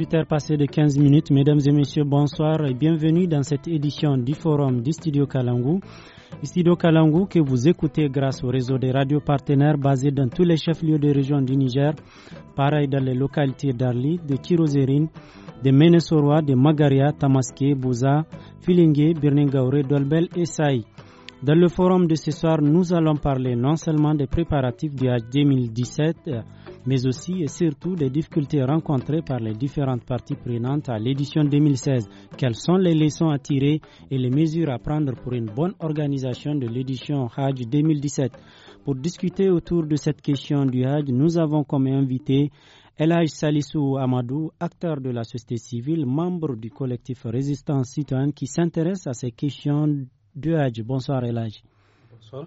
18h passées de 15 minutes, mesdames et messieurs, bonsoir et bienvenue dans cette édition du forum du Studio Kalangou. Studio Kalangou que vous écoutez grâce au réseau des radios partenaires basés dans tous les chefs-lieux des régions du Niger, pareil dans les localités d'Arli, de Kirozérine, de Menesoroa, de Magaria, Tamaské, Bouza, Filingué, Birningaure, Dolbel et Saï. Dans le forum de ce soir, nous allons parler non seulement des préparatifs du H 2017, mais aussi et surtout des difficultés rencontrées par les différentes parties prenantes à l'édition 2016, quelles sont les leçons à tirer et les mesures à prendre pour une bonne organisation de l'édition Hajj 2017. Pour discuter autour de cette question du Hajj, nous avons comme invité Elhaj Salissou Amadou, acteur de la société civile, membre du collectif Résistance citoyenne qui s'intéresse à ces questions du Hajj. Bonsoir Elhaj. Bonsoir.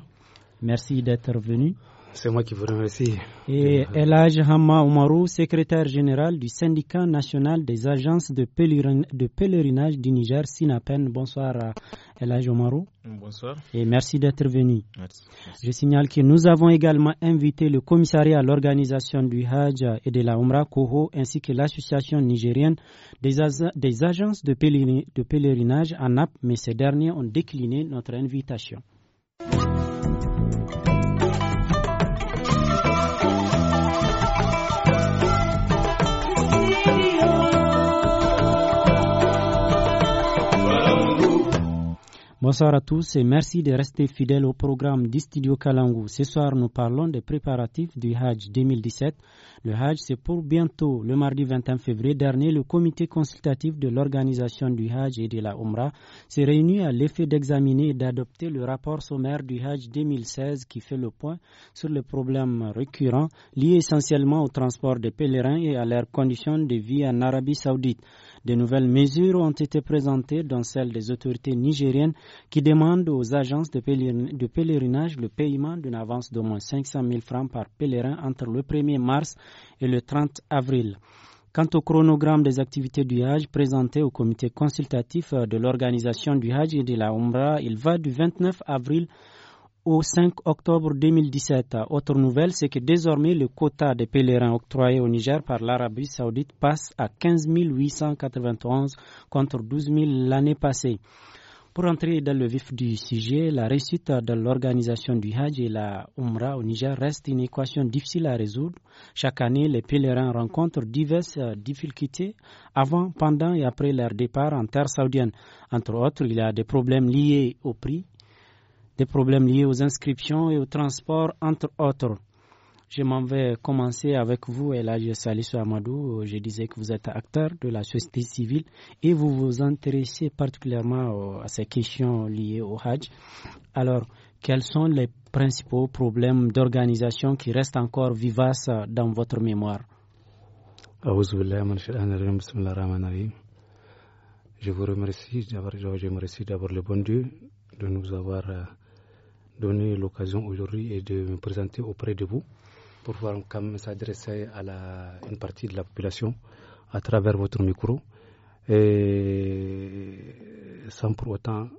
Merci d'être venu. C'est moi qui vous remercie. Et euh, Elage Hama Oumarou, secrétaire général du syndicat national des agences de, pèlerinage du Niger, Sinapen. Bonsoir Elage Omarou. Bonsoir. Et merci d'être venu. Je signale que nous avons également invité le commissariat à l'organisation du Hajj et de la Oumra Koho ainsi que l'association nigérienne des, agences de, pèlerinage à pèlerinage mais ces derniers ont décliné notre invitation. Bonsoir à tous et merci de rester fidèles au programme du Studio Kalangu. Ce soir, nous parlons des préparatifs du Hajj 2017. Le Hajj, c'est pour bientôt. Le mardi 21 février dernier, le comité consultatif de l'organisation du Hajj et de la Omra s'est réuni à l'effet d'examiner et d'adopter le rapport sommaire du Hajj 2016 qui fait le point sur les problèmes récurrents liés essentiellement au transport des pèlerins et à leurs conditions de vie en Arabie Saoudite. De nouvelles mesures ont été présentées, dont celles des autorités nigériennes qui demandent aux agences de, pèlerinage le paiement d'une avance d'au moins 500 000 francs par pèlerin entre le 1er mars et le 30 avril. Quant au chronogramme des activités du Hajj présenté au comité consultatif euh, de l'organisation du Hajj et de la Ombra, il va du 29 avril au 5 octobre 2017. Autre nouvelle, c'est que désormais le quota des pèlerins octroyés au Niger par l'Arabie saoudite passe à 15 891 contre 12 000 l'année passée. Pour entrer dans le vif du sujet, la réussite de l'organisation du Hajj et la Umrah au Niger reste une équation difficile à résoudre. Chaque année, les pèlerins rencontrent diverses difficultés avant, pendant et après leur départ en terre saoudienne. Entre autres, il y a des problèmes liés au prix, des problèmes liés aux inscriptions et au transport, entre autres. Je m'en vais commencer avec vous, et là je salue Amadou. Je disais que vous êtes acteur de la société civile et vous vous intéressez particulièrement à ces questions liées au Hajj. Alors, quels sont les principaux problèmes d'organisation qui restent encore vivaces dans votre mémoire Je vous remercie, je remercie d'avoir le bon Dieu de nous avoir euh, donné l'occasion aujourd'hui et de me présenter auprès de vous pour pouvoir quand même s'adresser à la, une partie de la population à travers votre micro et sans pour autant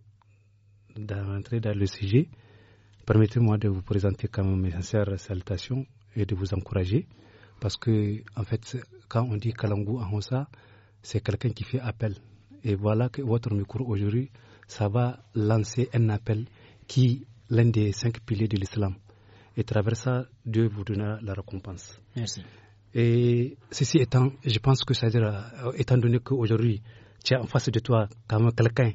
d'entrer dans le sujet. Permettez-moi de vous présenter quand même mes sincères salutations et de vous encourager parce que en fait quand on dit Kalangu en c'est quelqu'un qui fait appel. Et voilà que votre micro aujourd'hui, ça va lancer un appel qui l'un des cinq piliers de l'islam. Et à travers ça, Dieu vous donnera la récompense. Merci. Et ceci étant, je pense que ça veut dire, euh, étant donné qu'aujourd'hui, tu as en face de toi quand même quelqu'un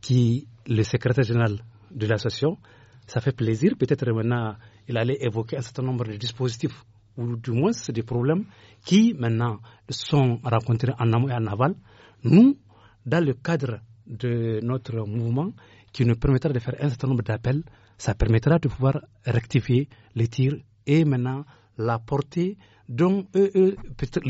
qui le secrétaire général de l'association, ça fait plaisir. Peut-être maintenant, il allait évoquer un certain nombre de dispositifs ou du moins des problèmes qui maintenant sont rencontrés en amont et en aval. Nous, dans le cadre de notre mouvement, qui nous permettra de faire un certain nombre d'appels ça permettra de pouvoir rectifier les tirs et maintenant la portée dont eux, eux peut-être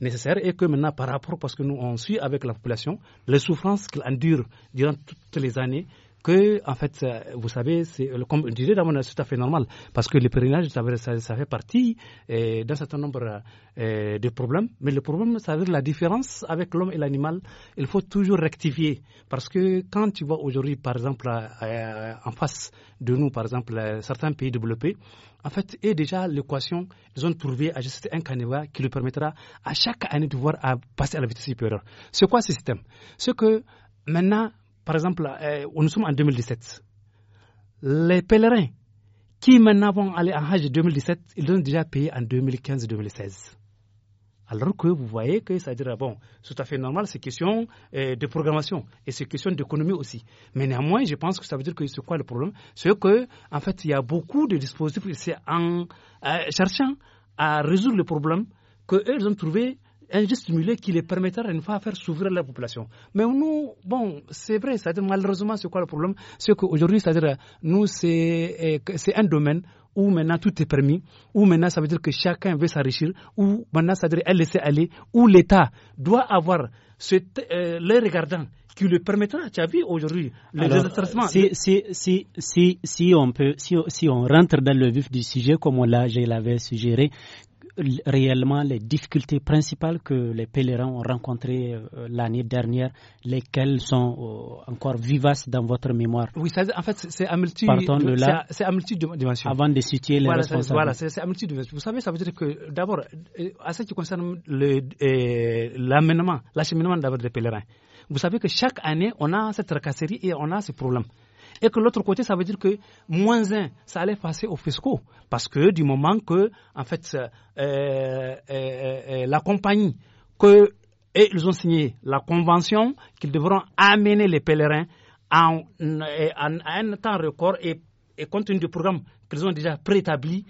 nécessaire et que maintenant par rapport, parce que nous on suit avec la population, les souffrances qu'elle endure durant toutes les années, que, en fait, vous savez, c'est, comme je dirais, c'est tout à fait normal, parce que le pèlerinage, ça, fait partie euh, d'un certain nombre euh, de problèmes, mais le problème, cest veut la différence avec l'homme et l'animal, il faut toujours rectifier, parce que quand tu vois aujourd'hui, par exemple, en face de nous, par exemple, euh, certains pays développés, en fait, et déjà l'équation, ils ont trouvé à un canevas qui lui permettra à chaque année de voir à passer à la vitesse supérieure. C'est quoi ce système Ce que maintenant, par exemple, euh, nous sommes en 2017. Les pèlerins qui maintenant vont aller en Hajj 2017, ils ont déjà payé en 2015-2016. Alors que vous voyez que ça dirait, bon, c'est tout à fait normal, c'est question euh, de programmation et c'est question d'économie aussi. Mais néanmoins, je pense que ça veut dire que c'est quoi le problème C'est que, en fait, il y a beaucoup de dispositifs, c'est en euh, cherchant à résoudre le problème qu'eux, ils ont trouvé un geste qui les permettra une fois à faire s'ouvrir la population. Mais nous, bon, c'est vrai, c'est-à-dire malheureusement, c'est quoi le problème C'est qu'aujourd'hui, c'est-à-dire, nous, eh, c'est un domaine où maintenant tout est permis, où maintenant ça veut dire que chacun veut s'enrichir, où maintenant ça veut dire laisser aller, où l'État doit avoir euh, les regardants qui le permettra, tu as vu aujourd'hui, le désintéressement. Si, si, si, si, si, on si, on rentre dans le vif du sujet, comme là, je l'avais suggéré, réellement les difficultés principales que les pèlerins ont rencontrées euh, l'année dernière, lesquelles sont euh, encore vivaces dans votre mémoire Oui, en fait, c'est à multi, c'est Avant de situer les responsables. Voilà, c'est à multidimension. Vous savez, ça veut dire que d'abord, euh, à ce qui concerne l'acheminement, l'acheminement d'abord des pèlerins. Vous savez que chaque année, on a cette tracasserie et on a ce problème. Et que l'autre côté, ça veut dire que moins un, ça allait passer aux fiscaux. Parce que du moment que, en fait, euh, euh, euh, la compagnie, que, ils ont signé la convention qu'ils devront amener les pèlerins en, un temps record et, et compte tenu du programme qu'ils ont déjà préétabli,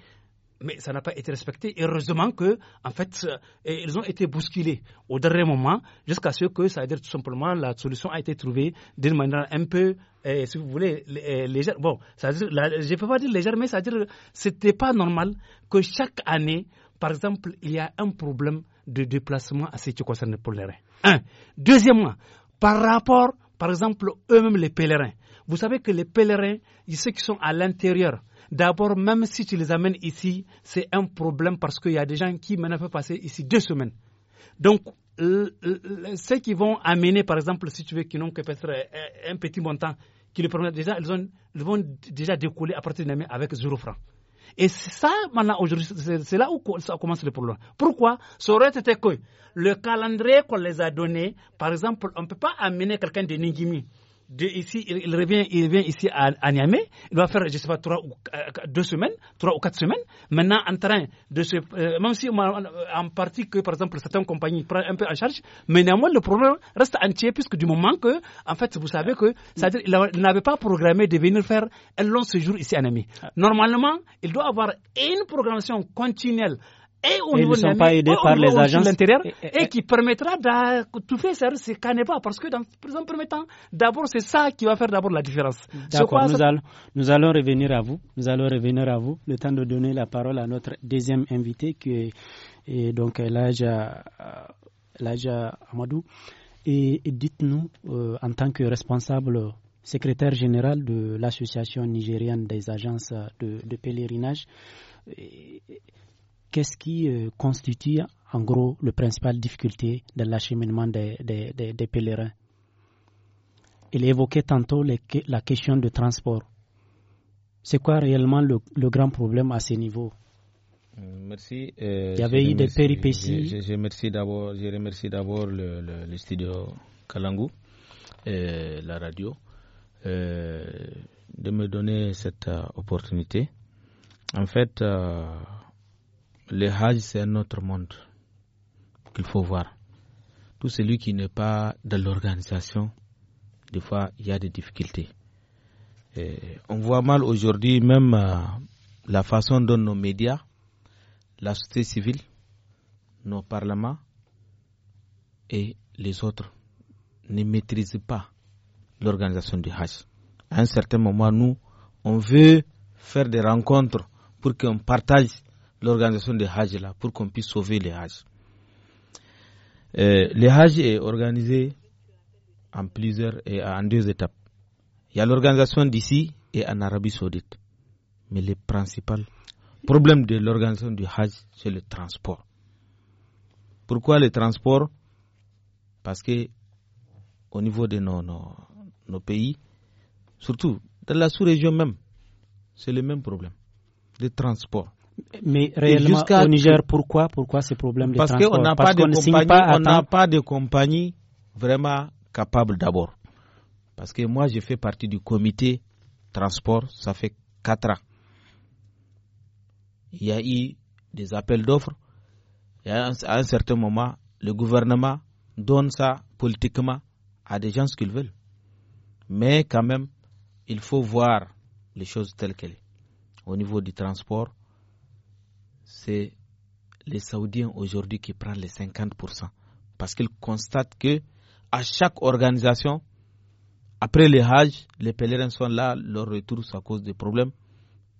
mais ça n'a pas été respecté. Et heureusement que, en fait, euh, ils ont été bousculés au dernier moment jusqu'à ce que, ça veut dire tout simplement, la solution a été trouvée d'une manière un peu, euh, si vous voulez, euh, légère. Bon, ça veut dire, je ne peux pas dire légère, mais ça veut dire c'était pas normal que chaque année, par exemple, il y a un problème de déplacement à ce qui concerne les pèlerins. Un. Deuxièmement, par rapport, par exemple, eux-mêmes les pèlerins. Vous savez que les pèlerins, ceux qui sont à l'intérieur, d'abord, même si tu les amènes ici, c'est un problème parce qu'il y a des gens qui maintenant peuvent passer ici deux semaines. Donc, ceux qui vont amener, par exemple, si tu veux, qui n'ont que peut-être un petit montant, qui le permettent déjà, ils, vont déjà décoller à partir ami avec zéro franc. Et ça, maintenant, aujourd'hui, c'est là où ça commence le problème. Pourquoi Ça aurait été que le calendrier qu'on les a donné, par exemple, on ne peut pas amener quelqu'un de Ningimi ici, il revient, il revient ici à, Niamey. Il va faire, je ne sais pas, trois ou euh, deux semaines, trois ou quatre semaines. Maintenant, en train de se, euh, même si en partie que, par exemple, certaines compagnies prennent un peu en charge, mais néanmoins, le problème reste entier puisque du moment que, en fait, vous savez que, c'est-à-dire, il n'avait pas programmé de venir faire un long séjour ici à Niamey. Ah. Normalement, il doit avoir une programmation continuelle et au ne sont pas aidés par les agences l'intérieur et qui permettra d'étouffer ce pas parce que dans un premier temps d'abord c'est ça qui va faire d'abord la différence d'accord nous, allons, revenir à vous nous allons revenir à vous le temps de donner la parole à notre deuxième invité qui est donc Laja euh, Amadou et, dites-nous euh, en tant que responsable secrétaire général de l'association nigérienne des agences de, pèlerinage qu'est-ce qui euh, constitue en gros la principale difficulté de l'acheminement des, pèlerins Il évoquait tantôt la question de transport. C'est quoi réellement le, grand problème à ce niveau euh, Merci. Euh, Il y avait eu des péripéties. Je, remercie d'abord le, studio Kalangu, et la radio, de me donner cette opportunité. En fait, le Hajj, c'est un autre monde qu'il faut voir. Tout celui qui n'est pas dans l'organisation, des fois, il y a des difficultés. on voit mal aujourd'hui même euh, la façon dont nos médias, la société civile, nos parlements et les autres ne maîtrisent pas l'organisation du Hajj. À un certain moment, nous, on veut faire des rencontres pour qu'on partage l'organisation des Hajj là pour qu'on puisse sauver les Hajj. Euh, le Hajj est organisé en plusieurs et en deux étapes. Il y a l'organisation d'ici et en Arabie Saoudite. Mais le principal problème de l'organisation du Hajj, c'est le transport. Pourquoi le transport Parce que au niveau de nos, nos pays, surtout dans la sous-région même, c'est le même problème. Le transport. Mais réellement, au Niger, pourquoi, pourquoi ces problèmes Parce qu'on n'a pas, de compagnie vraiment capable d'abord. Parce que moi, je fais partie du comité transport, ça fait 4 ans. Il y a eu des appels d'offres. À un certain moment, le gouvernement donne ça politiquement à des gens ce qu'ils veulent. Mais quand même, il faut voir les choses telles qu'elles sont. Au niveau du transport, c'est les Saoudiens aujourd'hui qui prennent les 50%. Parce qu'ils constatent que à chaque organisation, après les Hajj, les pèlerins sont là, leur retour c'est à cause des problèmes,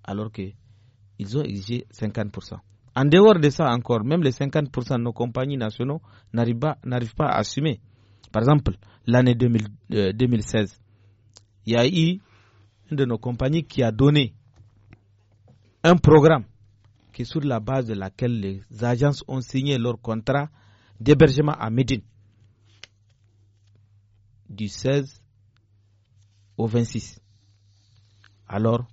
alors qu'ils ont exigé 50%. En dehors de ça encore, même les 50% de nos compagnies nationaux n'arrivent pas, à assumer. Par exemple, l'année 2016, euh, il y a eu une de nos compagnies qui a donné un programme sur la base de laquelle les agences ont signé leur contrat d'hébergement à Médine du 16 au 26. Alors,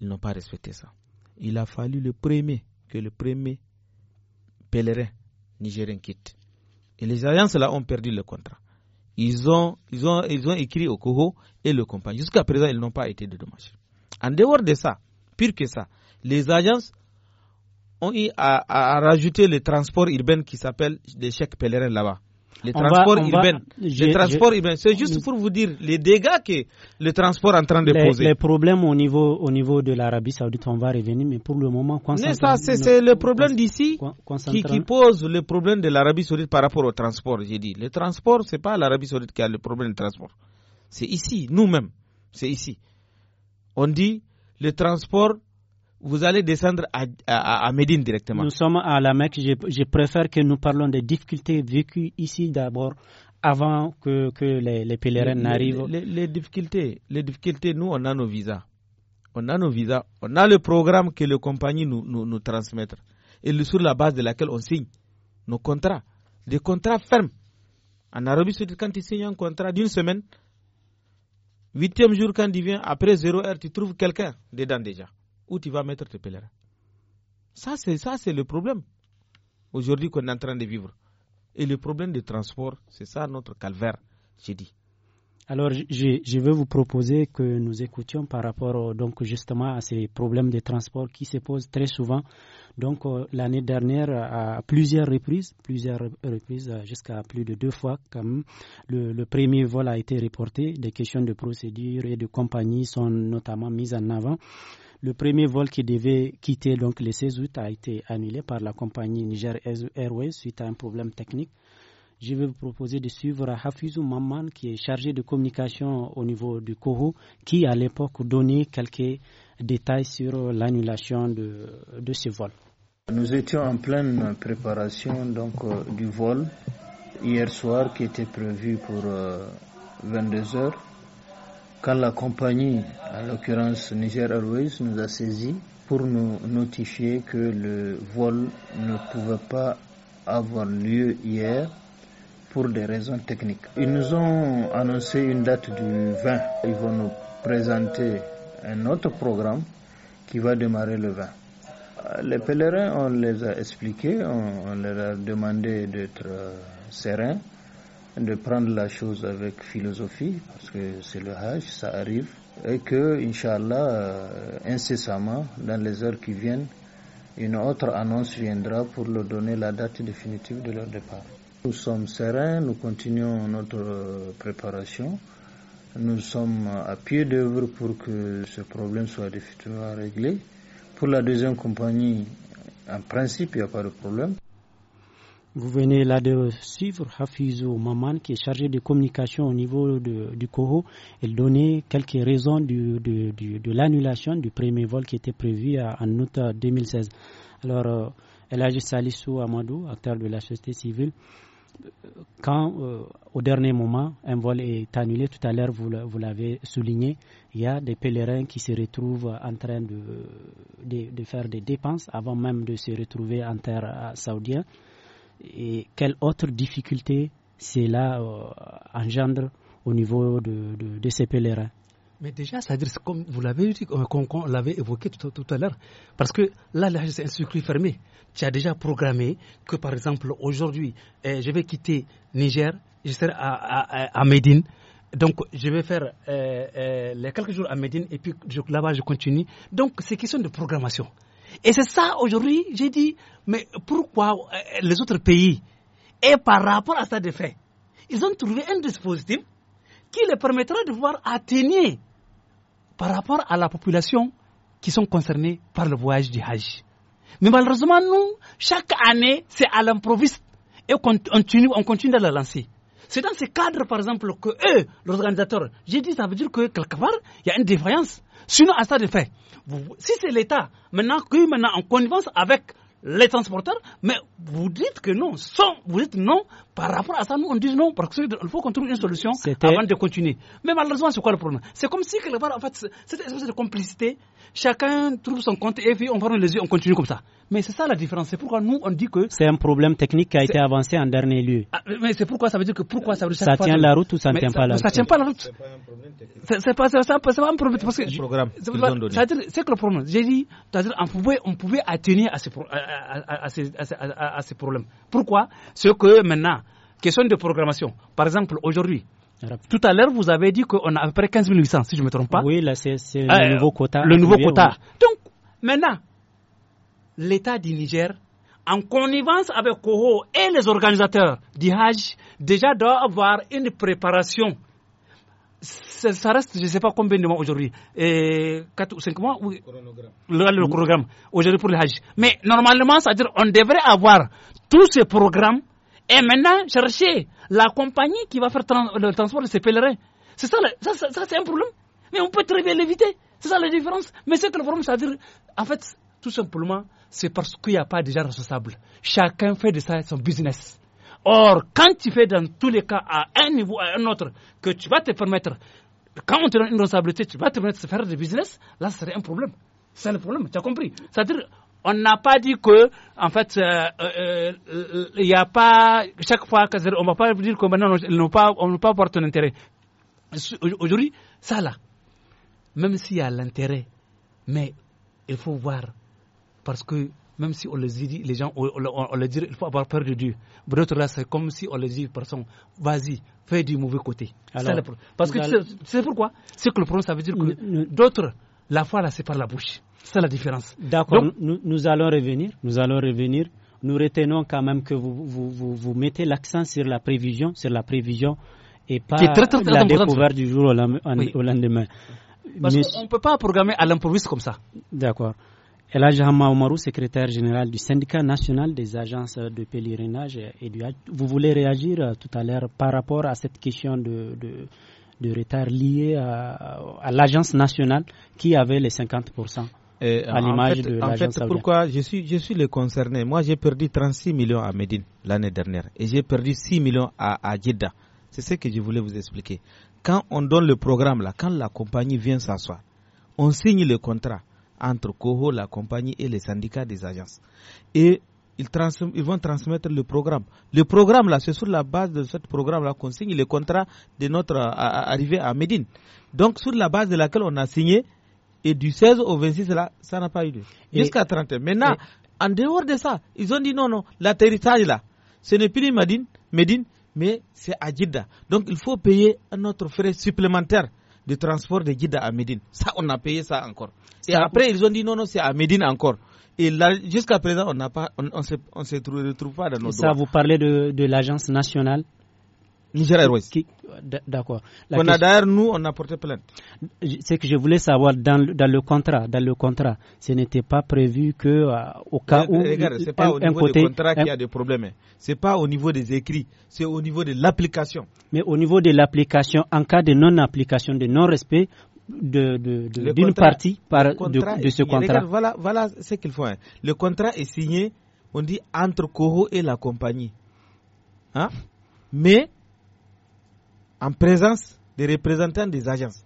ils n'ont pas respecté ça. Il a fallu le premier que le premier pèlerin nigérien quitte. Et les agences là ont perdu le contrat. Ils ont, ils ont, ils ont écrit au Coho et le compagnie. Jusqu'à présent, ils n'ont pas été de En dehors de ça, pire que ça, les agences ont eu à, rajouter le transport urbain qui s'appelle des chèques pèlerins là-bas. Les transport urbain. C'est juste pour vous dire les dégâts que le transport est en train de poser. Les problèmes au niveau, au niveau de l'Arabie Saoudite, on va revenir, mais pour le moment, Mais ça, c'est le problème d'ici qui, pose le problème de l'Arabie Saoudite par rapport au transport. J'ai dit, le transport, c'est pas l'Arabie Saoudite qui a le problème de transport. C'est ici, nous-mêmes. C'est ici. On dit, le transport vous allez descendre à, Médine directement. Nous sommes à la Mecque. Je, préfère que nous parlons des difficultés vécues ici d'abord avant que, les, pèlerins n'arrivent. Les, difficultés, les difficultés, nous, on a nos visas. On a nos visas. On a le programme que les compagnies nous, nous, transmettent. Et le, sur la base de laquelle on signe nos contrats. Des contrats fermes. En Arabie Saoudite, quand tu signes un contrat d'une semaine, huitième jour, quand il vient, après zéro heure, tu trouves quelqu'un dedans déjà où tu vas mettre tes pèlerins. Ça, c'est le problème aujourd'hui qu'on est en train de vivre. Et le problème des transports, c'est ça notre calvaire, j'ai dit. Alors, je, veux vous proposer que nous écoutions par rapport euh, donc justement à ces problèmes de transport qui se posent très souvent. Donc, euh, l'année dernière, à plusieurs reprises, plusieurs reprises, euh, jusqu'à plus de deux fois quand le, premier vol a été reporté. Des questions de procédure et de compagnie sont notamment mises en avant. Le premier vol qui devait quitter donc le 16 août a été annulé par la compagnie Niger Airways suite à un problème technique. Je vais vous proposer de suivre Hafizou Mamman qui est chargé de communication au niveau du Kourou, qui à l'époque donnait quelques détails sur l'annulation de, ce vol. Nous étions en pleine préparation donc euh, du vol hier soir qui était prévu pour 22 euh, heures quand la compagnie, en l'occurrence Niger Airways, nous a saisis pour nous notifier que le vol ne pouvait pas avoir lieu hier pour des raisons techniques. Ils nous ont annoncé une date du 20. Ils vont nous présenter un autre programme qui va démarrer le 20. Les pèlerins, on les a expliqués, on, on leur a demandé d'être euh, sereins de prendre la chose avec philosophie, parce que c'est le Hajj, ça arrive, et que, Inch'Allah, euh, incessamment, dans les heures qui viennent, une autre annonce viendra pour leur donner la date définitive de leur départ. Nous sommes sereins, nous continuons notre euh, préparation. Nous sommes à pied d'œuvre pour que ce problème soit définitivement réglé. Pour la deuxième compagnie, en principe, il n'y a pas de problème. Vous venez là de suivre Hafizou Maman, qui est chargé de communication au niveau du COHO, et donner quelques raisons de, l'annulation du premier vol qui était prévu en août 2016. Alors, euh, El Salissou Amadou, acteur de la société civile, euh, quand euh, au dernier moment un vol est annulé, tout à l'heure vous l'avez souligné, il y a des pèlerins qui se retrouvent en train de faire des dépenses avant même de se retrouver en terre saoudienne et quelle autre difficulté cela euh, engendre au niveau de, de, ces pèlerins mais déjà, c'est à dire, comme vous l'avez dit, comme euh, on l'avait évoqué tout, à l'heure, parce que là, c'est un circuit fermé. Tu as déjà programmé que, par exemple, aujourd'hui, eh, je vais quitter Niger, je serai à, à, Médine. Donc, je vais faire eh, eh, les quelques jours à Médine et puis là-bas, je continue. Donc, c'est question de programmation. Et c'est ça, aujourd'hui, j'ai dit, mais pourquoi euh, les autres pays, et par rapport à ça de fait, ils ont trouvé un dispositif qui les permettra de voir atteigner par rapport à la population qui sont concernées par le voyage du Hajj. Mais malheureusement, nous, chaque année, c'est à l'improviste. Et on continue, de le lancer. C'est dans ce cadre, par exemple, que eux, l'organisateur, j'ai dit, ça veut dire que quelque part, il y a une défaillance. Sinon, à ça de fait, si c'est l'État, maintenant, que maintenant, en connivence avec les transporteurs, mais vous dites que non, sans, vous dites non, par rapport à ça, nous, on dit non, parce qu'il faut qu'on trouve une solution avant de continuer. Mais malheureusement, c'est quoi le problème C'est comme si, en fait, une espèce de complicité, chacun trouve son compte et puis on ferme les yeux, on continue comme ça. Mais c'est ça la différence. C'est pourquoi nous, on dit que. C'est un problème technique qui a été avancé en dernier lieu. Ah, mais c'est pourquoi ça veut dire que. Pourquoi ça veut dire Ça tient la route ou ça ne tient pas la route Ça tient pas la route. C'est pas un problème technique. C'est pas, pas, un problème. Parce que. C'est que le problème. J'ai dit, on pouvait, on pouvait atteindre à ces, à, à ces problèmes. Pourquoi Ce que maintenant, question de programmation. Par exemple, aujourd'hui, tout à l'heure, vous avez dit qu'on a à peu près 15 800, si je ne me trompe pas. Oui, là, c'est euh, le nouveau quota. Le nouveau quota. Donc, maintenant, l'État du Niger, en connivence avec Koho et les organisateurs du Hajj, déjà doit avoir une préparation ça, reste, je ne sais pas combien de mois aujourd'hui, 4 ou 5 mois, le, le, programme aujourd'hui pour le Hajj. Mais normalement, c'est-à-dire on devrait avoir tous ces programmes et maintenant chercher la compagnie qui va faire le transport de ces pèlerins. C'est ça, ça c'est un problème. Mais on peut très bien l'éviter. C'est ça la différence. Mais c'est que le problème, c'est-à-dire, en fait, tout simplement, c'est parce qu'il n'y a pas de gens responsables. Chacun fait de ça son business. Or, quand tu fais dans tous les cas à un niveau, à un autre, que tu vas te permettre, quand on te donne une responsabilité, tu vas te permettre de faire du business, là, ce serait un problème. C'est le problème, tu as compris. C'est-à-dire, on n'a pas dit que, en fait, euh, euh, euh, il n'y a pas, chaque fois, on ne va pas dire qu'on on ne pas, pas avoir ton intérêt. Aujourd'hui, ça là, même s'il y a l'intérêt, mais il faut voir, parce que même si on les dit, les gens, on, les dit, il faut avoir peur de Dieu. D'autres là, c'est comme si on les dit, personne, vas-y, fais du mauvais côté. le Parce que tu sais, pourquoi C'est que le problème, ça veut dire que d'autres, la foi là, c'est par la bouche. C'est la différence. D'accord, nous, allons revenir, nous allons revenir. Nous retenons quand même que vous, vous, mettez l'accent sur la prévision, sur la prévision et pas la découverte du jour au, lendemain. Oui. Parce qu'on ne peut pas programmer à l'improviste comme ça. D'accord. Elaj Hamaoumarou, secrétaire général du syndicat national des agences de pèlerinage et du Vous voulez réagir euh, tout à l'heure par rapport à cette question de, de, retard lié à, l'agence nationale qui avait les 50% euh, à l'image de l'agence En fait, pourquoi je suis, je suis le concerné. Moi, j'ai perdu 36 millions à Médine l'année dernière et j'ai perdu 6 millions à, à Jeddah. C'est ce que je voulais vous expliquer. Quand on donne le programme, là, quand la compagnie vient s'asseoir, on signe le contrat entre Coho, la compagnie et les syndicats des agences. Et ils, ils, vont transmettre le programme. Le programme, là, c'est sur la base de ce programme-là qu'on signe le contrat de notre euh, arrivée à Médine. Donc, sur la base de laquelle on a signé, et du 16 au 26, là, ça n'a pas eu lieu. Jusqu'à 31. Maintenant, en dehors de ça, ils ont dit non, non, l'atterrissage, là, ce n'est plus Médine, Médine mais c'est à Donc, il faut payer un autre frais supplémentaire de transport de guides à Médine. Ça, on a payé ça encore. Et après, ils ont dit non, non, c'est à Médine encore. Et là, jusqu'à présent, on ne on, on se, on se retrouve pas dans nos droits. Ça, vous parlez de, de l'Agence nationale Airways. D'accord. On a d'ailleurs, nous, on a porté plainte. Ce que je voulais savoir dans, le contrat, dans le contrat, ce n'était pas prévu que euh, au cas eh, où. Eh, regarde, c'est pas au niveau côté, contrat qu'il y a des problèmes. Ce hein. C'est pas au niveau des écrits, c'est au niveau de l'application. Mais au niveau de l'application, en cas de non-application, de non-respect, d'une de, partie par, de, ce contrat. voilà, ce qu'il faut. Hein. Le contrat est signé, on dit, entre Coho et la compagnie. Hein. Mais en présence des représentants des agences.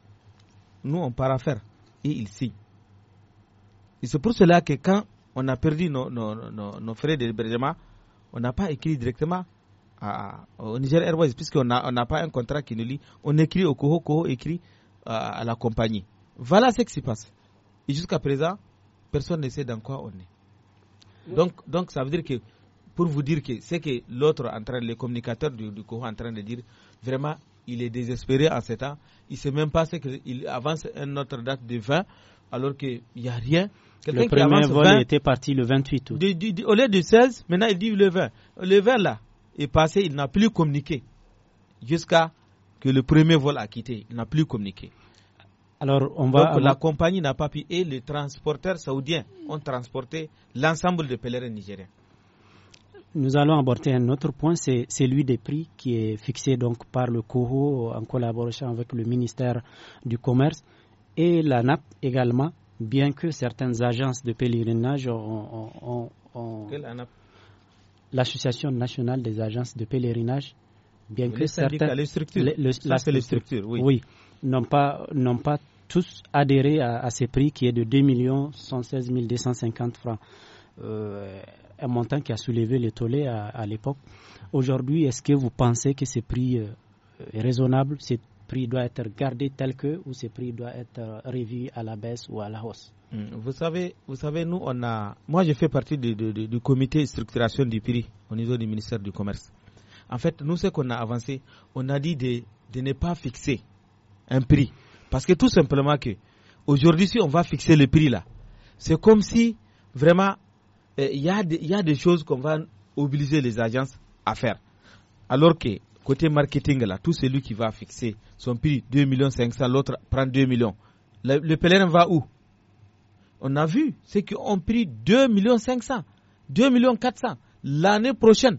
Nous, on part à faire et ils signent. Et c'est pour cela que quand on a perdu nos, nos, de nos on n'a pas écrit directement à, au Niger Airways, puisqu'on n'a pas un contrat qui nous lie. On écrit au Coho, Coho écrit euh, à, la compagnie. Voilà ce qui se passe. Et jusqu'à présent, personne ne sait dans quoi on est. Donc, donc ça veut dire que, pour vous dire que c'est que l'autre, les communicateurs du, du est en train de dire, vraiment, il est désespéré en cet temps. Il ne sait même pas ce qu'il avance une autre date de 20 alors qu'il n'y a rien. Le premier vol était parti le 28 août. au lieu de 16, maintenant il dit le 20. Le 20 là est passé, il n'a plus communiqué jusqu'à que le premier vol a quitté. Il n'a plus communiqué. Alors on va. la compagnie n'a pas pu et les transporteurs saoudiens ont transporté l'ensemble des pèlerins nigériens. Nous allons aborder un autre point, c'est celui des prix qui est fixé donc par le COHO en collaboration avec le ministère du Commerce et la NAP également, bien que certaines agences de pèlerinage ont. ont, ont L'Association nationale des agences de pèlerinage, bien que certaines. structures. la, les structures, oui. oui n'ont pas, n'ont pas tous adhéré à, ces prix qui est de 2 116 250 francs. Euh, un montant qui a soulevé les tollés à, à l'époque. Aujourd'hui, est-ce que vous pensez que ce prix euh, est raisonnable Ce prix doit être gardé tel que ou ce prix doit être euh, revu à la baisse ou à la hausse hmm. vous savez, vous savez, nous, on a. Moi, je fais partie du, comité de structuration du prix au niveau du ministère du Commerce. En fait, nous, ce qu'on a avancé, on a dit de, de, ne pas fixer un prix. Parce que tout simplement que, aujourd'hui, si on va fixer le prix là, c'est comme si vraiment eh, il y, y, a des choses qu'on va obliger les agences à faire. Alors que côté marketing, là, tout celui qui va fixer son prix 2 millions 500, l'autre prend 2 millions. Le, pèlerin va où On a vu, c'est ont pris 2 millions 500, 2 millions 400. L'année prochaine,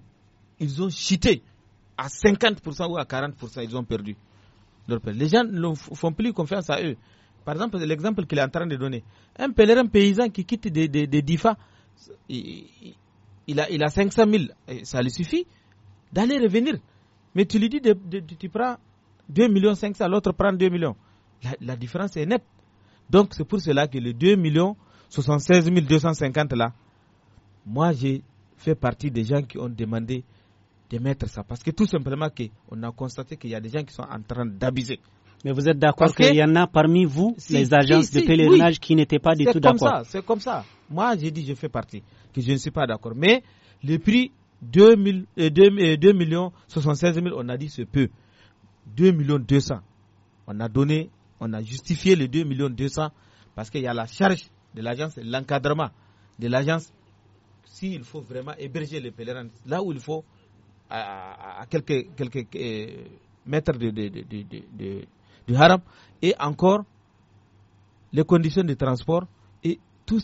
ils ont cheaté à 50% ou à 40%, ils ont perdu. Les gens ne font plus confiance à eux. Par exemple, l'exemple qu'il est en train de donner. Un pèlerin paysan qui quitte des, des, des DIFA il, a, il 500 000, et ça lui suffit d'aller revenir. Mais tu lui dis, de, tu prends 2 millions 500, l'autre prend 2 millions. La, la, différence est nette. Donc c'est pour cela que les 2 millions 76 250 là, moi j'ai fait partie des gens qui ont demandé de mettre ça. Parce que tout simplement, que on a constaté qu'il y a des gens qui sont en train d'abuser. Mais vous êtes d'accord qu'il y en a parmi vous, les agences de pèlerinage, qui n'étaient pas du tout d'accord C'est comme ça. Moi, j'ai dit je fais partie, que je ne suis pas d'accord. Mais le prix 2, 2, euh, euh, millions 76 000, on a dit c'est peu. 2 millions 200. On a donné, on a justifié les 2 millions 200 parce qu'il y a la charge de l'agence, l'encadrement de l'agence. S'il faut vraiment héberger les pèlerins, là où il faut, à, quelques, quelques euh, mètres de, du haram et encore les conditions de transport et tout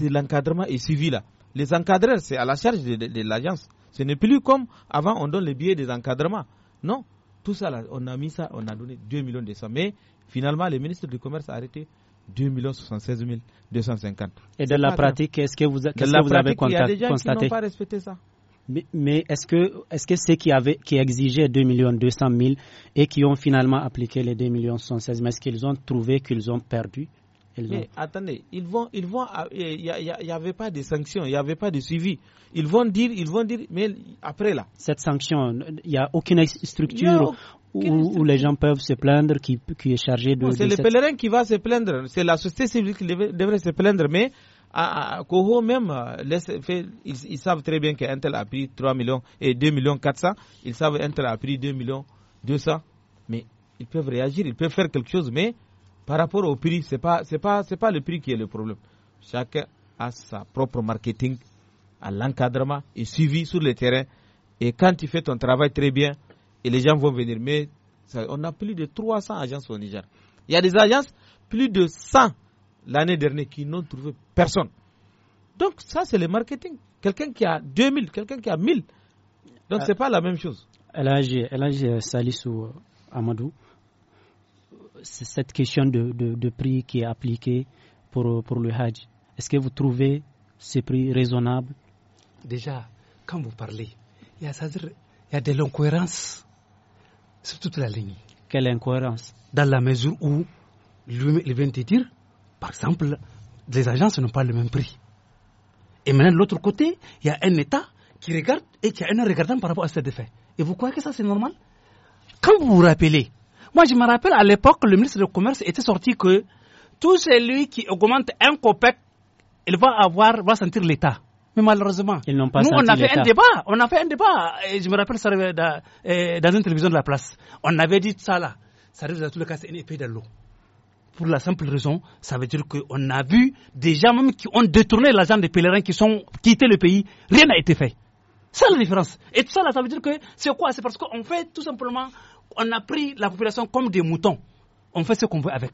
l'encadrement est suivi là. Les encadreurs, c'est à la charge de, l'agence. Ce n'est plus comme avant, on donne les billets des encadrements. Non, tout ça, on a mis ça, on a donné 2 millions de cents Mais finalement, le ministre du Commerce a arrêté 2 76 250. Et de la pratique, qu'est-ce que vous, vous avez constaté Il y a des pas respecté ça. Mais, est-ce que, est-ce que ceux qui, avaient, qui exigeaient 2 200 000 et qui ont finalement appliqué les 2 116 000, est-ce qu'ils ont trouvé qu'ils ont perdu Mais attendez, ils vont, ils vont, ah, il n'y avait pas de sanctions, il n'y avait pas de suivi. Ils vont dire, ils vont dire, mais après là. Cette sanction, il n'y a aucune structure où, les gens peuvent se plaindre, qui, est chargée de. c'est le pèlerin qui va se plaindre, c'est la société civile qui devrait se plaindre, mais à, ah, ah, même, euh, ils, savent très bien qu'un a pris 3 millions et 2 millions 400. Ils savent qu'un a pris 2 millions 200. Mais ils peuvent réagir, ils peuvent faire quelque chose, mais par rapport au prix, ce n'est pas, pas le prix qui est le problème. Chacun a sa propre marketing, à l'encadrement et suivi sur le terrain. Et quand tu fais ton travail très bien, et les gens vont venir. Mais on a plus de 300 agences au Niger. Il y a des agences, plus de 100 l'année dernière qui n'ont trouvé personne. Donc ça, c'est le marketing. Quelqu'un qui a 2000, quelqu'un qui a 1000. Donc euh, ce n'est pas la même chose. LAG, sali sur Amadou, cette question de, de, prix qui est appliquée pour, pour le Hajj, est-ce que vous trouvez ces prix raisonnables Déjà, quand vous parlez, il y a, il y a de l'incohérence sur toute la ligne. Quelle incohérence Dans la mesure où lui, il vient de dire par exemple, les agences n'ont pas le même prix. Et maintenant, de l'autre côté, il y a un État qui regarde et qui a un regardant par rapport à cette effet. Et vous croyez que ça, c'est normal Quand vous vous rappelez, moi, je me rappelle à l'époque, le ministre du Commerce était sorti que tout celui qui augmente un copec, il va avoir, va sentir l'État. Mais malheureusement, nous, on a un débat. On un débat. je me rappelle, ça dans, euh, dans une télévision de la place. On avait dit ça là. Ça arrive dans tous les cas, c'est une épée de l'eau pour la simple raison, ça veut dire qu'on a vu des gens même qui ont détourné l'argent des pèlerins qui sont quittés le pays. Rien n'a été fait. C'est la différence. Et tout ça, ça veut dire que c'est quoi C'est parce qu'on fait tout simplement, on a pris la population comme des moutons. On fait ce qu'on veut avec.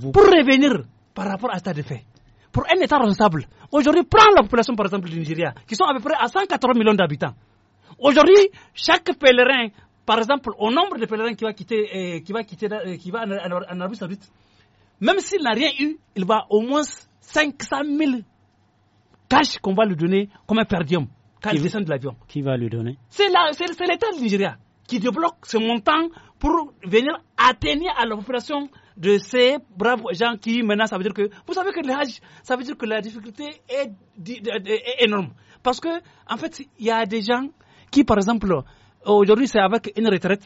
Pour revenir par rapport à cet effet, pour un État responsable, aujourd'hui, prends la population par exemple du Nigeria, qui sont à peu près à 180 millions d'habitants. Aujourd'hui, chaque pèlerin par exemple, au nombre de pèlerins qui va quitter, euh, qui va quitter, euh, qui va en, Arabie Saoudite, même s'il n'a rien eu, il va au moins 500 000 cash qu'on va lui donner comme un perdium quand il descend de l'avion. Qui va lui donner C'est l'État du Nigeria qui débloque ce montant pour venir atteindre à la population de ces braves gens qui maintenant ça veut dire que vous savez que le Hajj ça veut dire que la difficulté est, est énorme parce que en fait il y a des gens qui par exemple Aujourd'hui, c'est avec une retraite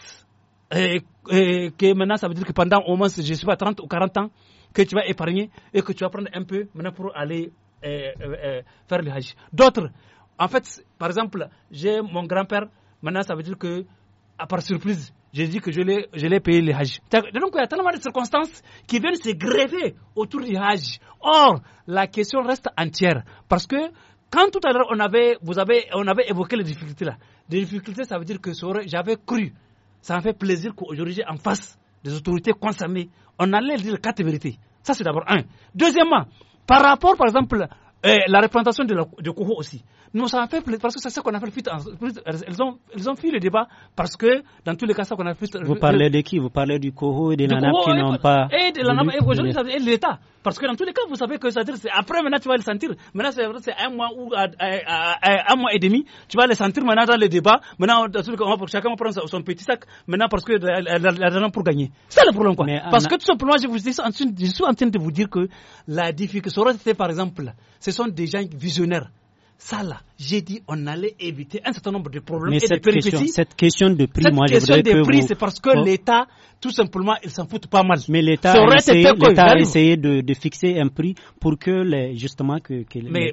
et, euh, euh, que maintenant, ça veut dire que pendant au moins, je suis sais pas, 30 ou 40 ans, que tu vas épargner et que tu vas prendre un peu maintenant pour aller euh, faire le Hajj. D'autres, en fait, par exemple, j'ai mon grand-père, maintenant, ça veut dire que, à part surprise, j'ai dit que je l'ai payé le Hajj. Donc, il y a tellement de circonstances qui viennent se gréver autour du Hajj. Or, la question reste entière parce que quand tout à l'heure on avait, vous avez, on avait évoqué les difficultés là, les difficultés ça veut dire que j'avais cru, ça m'a fait plaisir qu'aujourd'hui en face des autorités concernées. on allait dire quatre vérités. Ça c'est d'abord un. Deuxièmement, par rapport par exemple et la représentation de, la, de Koho aussi. Nous, ça a fait parce que c'est ce qu'on a fait Elles ont, elles ont fui le débat parce que dans tous les cas, ça qu'on a fait. Vous parlez de qui Vous parlez du Koho et de l'ANAP qui n'ont pas. Et de l'ANAP et de l'État. Parce que dans tous les cas, vous savez que ça après maintenant, tu vas le sentir. Maintenant, c'est un mois ou un mois et demi, tu vas le sentir maintenant dans le débat. Maintenant, on va, chacun va prendre son petit sac. Maintenant, parce que euh, l'argent pour gagner. C'est le problème, quoi. Parce que tout simplement, je, vous dis, je suis en train de vous dire que la difficulté, c'est par exemple ce sont des gens visionnaires. Ça là, j'ai dit on allait éviter un certain nombre de problèmes. Mais et cette, de question, cette question de prix, cette question de prix, c'est parce que oh. l'État, tout simplement, il s'en fout pas mal. Mais l'État a essayé, a essayé de, fixer un prix pour que justement que,